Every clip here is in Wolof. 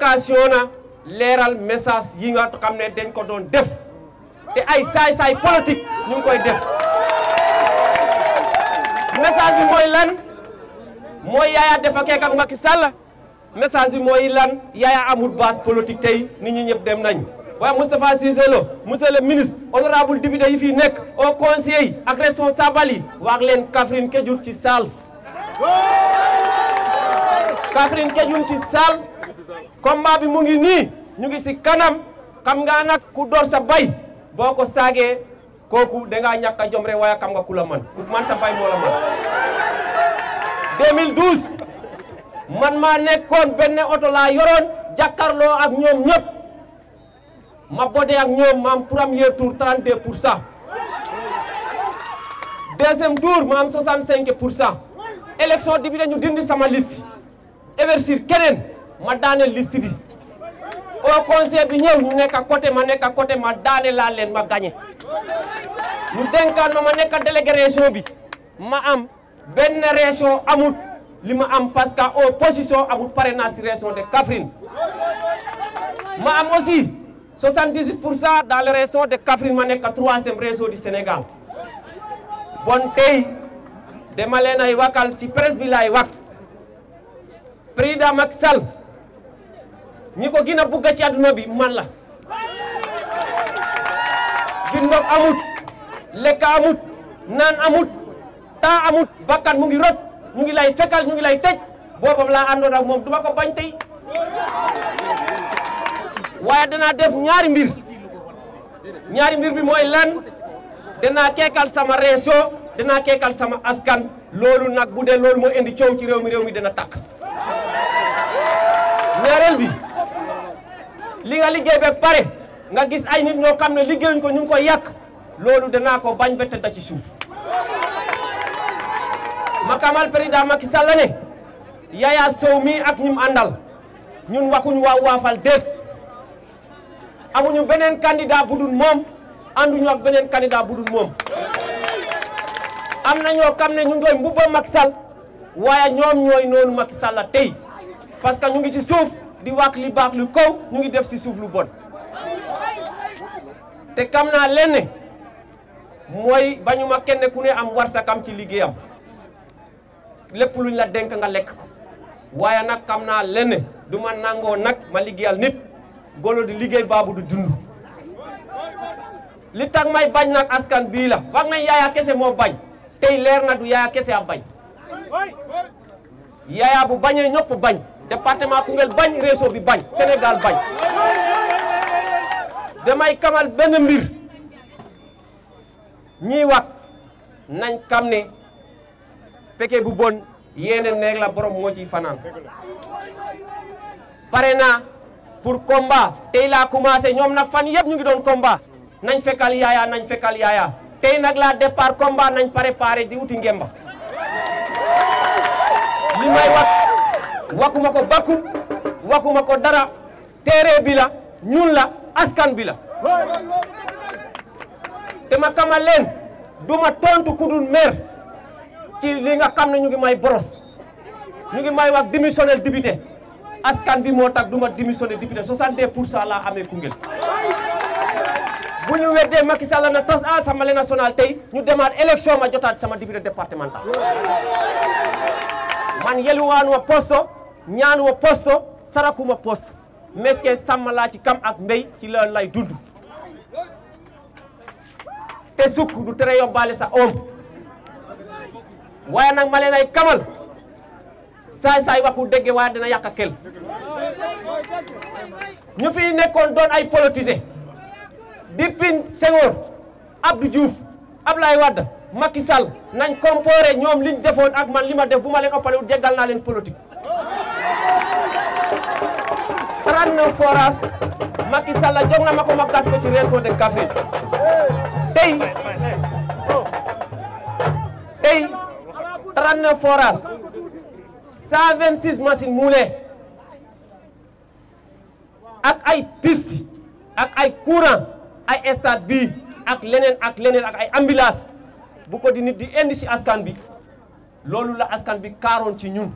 occasion na leeral message yi nga xam ne dañ ko doon def te ay saay-saay politique ñu koy def message bi mooy lan mooy Yaya dafa keek ak Macky Sall message bi mooy lan Yaya amul base politique tey nit ñi ñëpp dem nañ waaye Moustapha Cissé Lo monsieur le ministre honorable député yi fii nekk au conseil ak responsable yi wax leen Kaffrine Kédougou ci saal Kaffrine Kédougou ci saal combat bi mu ngi ni ñu ngi ci kanam xam nga nak ku dor sa bay boko ko koku kooku nga ñaka jom re waya xam nga kula man ku man sa bay mo la man 2012 man ma nekkon benn auto la yoron jakarlo ak ñom ñep ma bodé ak ñom ma am premier tour 32 deuxième tour ma am 65 élection député ñu dindi sama liste éversir kenen ma daaneel liste bi au conseil bi ñëw ñu nekk côté ma nekk à côté ma daane laa leen ma gagné ñu dénkaan ma ma nekk délégué région bi ma am benn région amul li ma am parce que opposition amul parrainage ci région de Kaffrine ma am aussi 78 pour cent dans la région de Kaffrine ma nekk troisième région du Sénégal bon tey dama leen ay waxal ci presse bi laay wax président Macky ñi ko gën a bugg ci aduna bi man la dundam amut lek amut nan amut ta amut bakkan mu ngi rot mu ngi lay fekkal mu ngi lay tej bobam la àndoon ak mom duma ko bañ tay waya dana def ñaari mbir ñaari mbir bi moy lan dana keekal sama reso, dana kekal sama askan loolu nak budé dee mo indi ciow ci réew mi réew mi dana tak ñaarel bi li nga liggéey ba pare nga gis ay nit ñoo xam ne liggéeyuñ ko ñu ko koy yàq loolu danaa ko bañ ba tëdd ci suuf ma xamal président Macky Sall la ne Yaya Sow mii ak ñim àndal ñun waxuñ waaw waafal déet amuñu beneen candidat bu dul moom ànduñu ak beneen candidat bu dul moom am na ñoo xam ne ñu ngoy mbubba Macky Sall waaye ñoom ñooy noonu Macky Sall la tey parce que ñu ngi ci suuf di wax li bax lu ko ñu ngi def ci souf lu bon té kam naa lenn mooy bañu ma kenn ku ne am war sa kam ci ligéyam lepp luñ la denk nga lek ko waaye nag kam naa lenn du ma nangoo nag ma ligéyal nit golo di ligéy babu du dund li tak may bañ nak askan bi la wax na yaaya kese mo bañ tay leer na du yaaya kese am bañ yaaya bu bañé ñop bañ département Koungheul bañ réseau bi bañ Sénégal bañ damay kamal ben mbir ñi wat nañ kamné ne bu bon yéne nek la borom mo ci fanan pare naa pour combat tey la commencé ñom nak fan yépp ñu ngi doon combat nañ fekkal yaaya nañ fekkal yaaya tey nak la départ combat nañ préparé di wuti ngemba limay wat waxuma ko bakku waxuma ko dara téere bi la ñun la askan bi la te ma xamal leen du ma tontu ku dul maire ci li nga xam ne ñu ngi may boros ñu ngi may wax démissionnel député askan bi moo tax du ma démissionné député 62 pour cent laa amee Koungheul bu ñu weddee Macky Sall na tas assemblée nationale tey ñu demaat élection ma jotaat sama député départemental man yeluwaanuma poste ñaanuma poste sarakuma poste métier sàmm laa ci kam ak mbéy ci loolu lay dund te sukk du tere yóbbaale sa oom waaye nag ma leen ay kamal saay-saay waxu dégge waaye dina yàq kel ñu fi nekkoon doon ay politisé depuis Senghor Abdou Diouf Ablaye Wade Macky Sall nañ comparé ñoom li liñ defoon ak man li ma def bu ma leen oppale jéggal na leen politique 39 forage Macky Sall jox na mako ko ma gas ko ci réseau de café tay tay 39 forage 126 machine moulé ak ay piste ak ay courant ay stade bi ak lenen ak lenen ak ay ambulance bu ko di nit di indi ci askan bi lolou la askan bi kaaroon ci ñun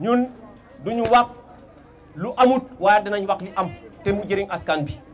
ñun duñu wax lu amut waa danañ wax li am te mu jëriñ askan bi